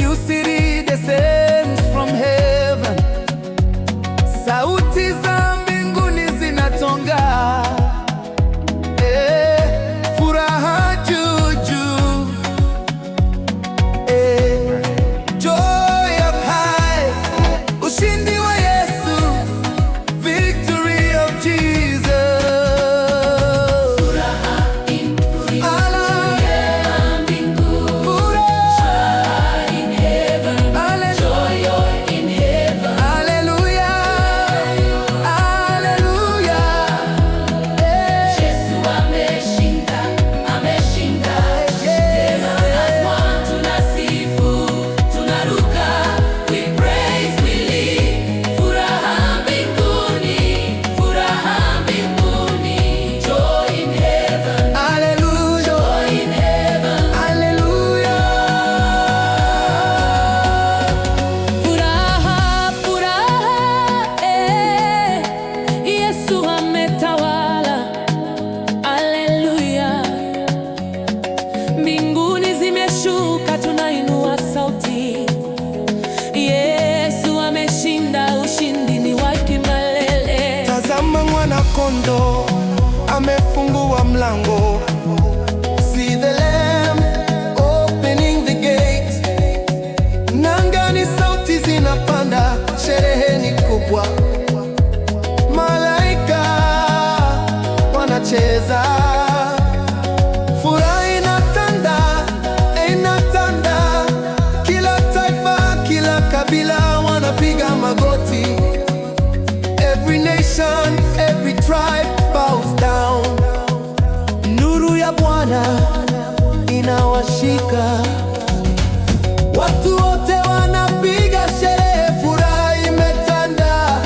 you see Tunainuka, tunainua sauti. Yesu ameshinda, ushindi ni wake malele. Tazama mwana kondoo amefungua mlango washika, watu wote wanapiga sherehe, furaha imetanda.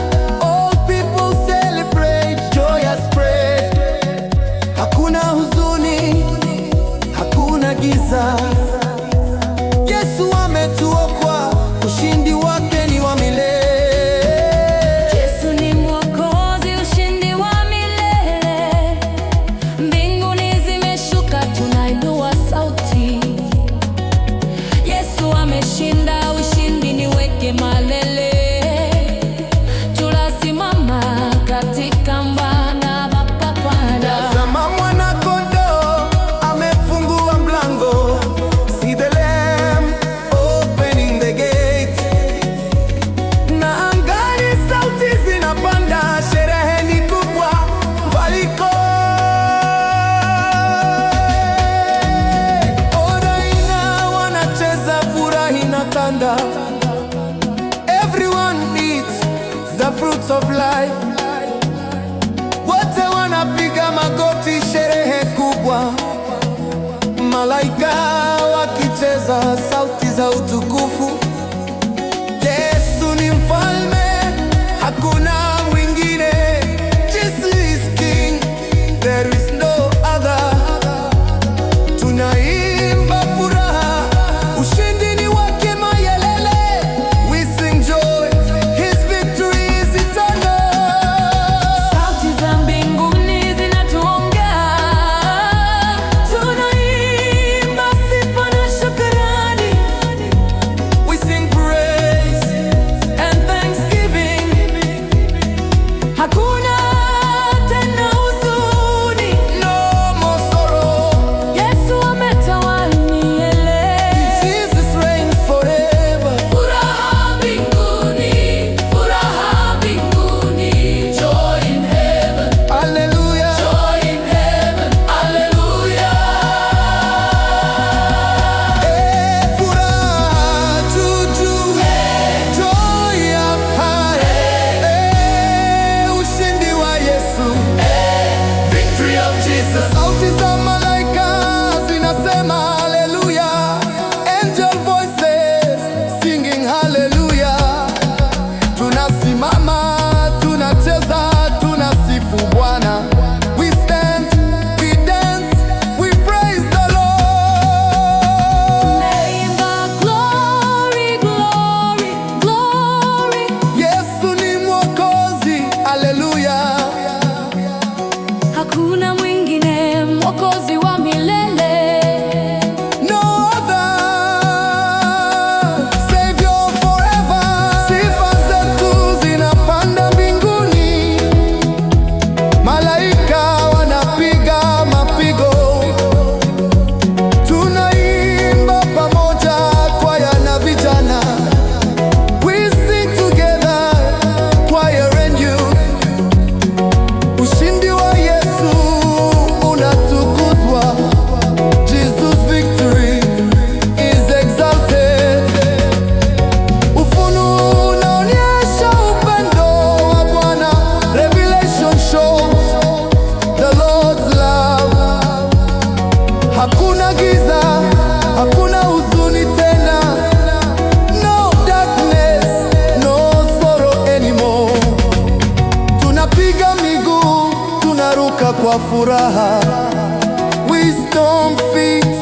All people celebrate, joy spread. Hakuna huzuni, hakuna giza Songs of Life, wote wanapiga magoti, sherehe kubwa, malaika wakicheza sauti za utukufu giza, hakuna huzuni tena. No darkness, no sorrow anymore. Tunapiga miguu, tunaruka kwa furaha. We stomp feet,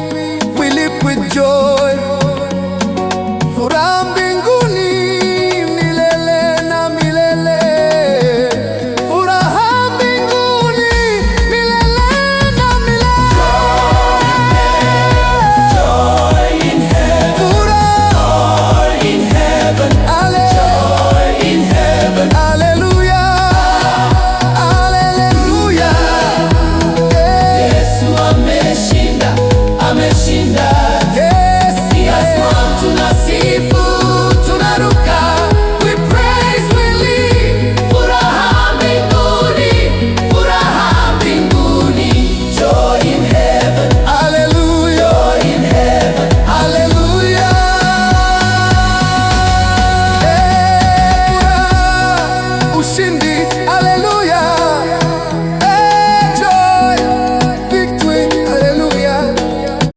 we leap with joy.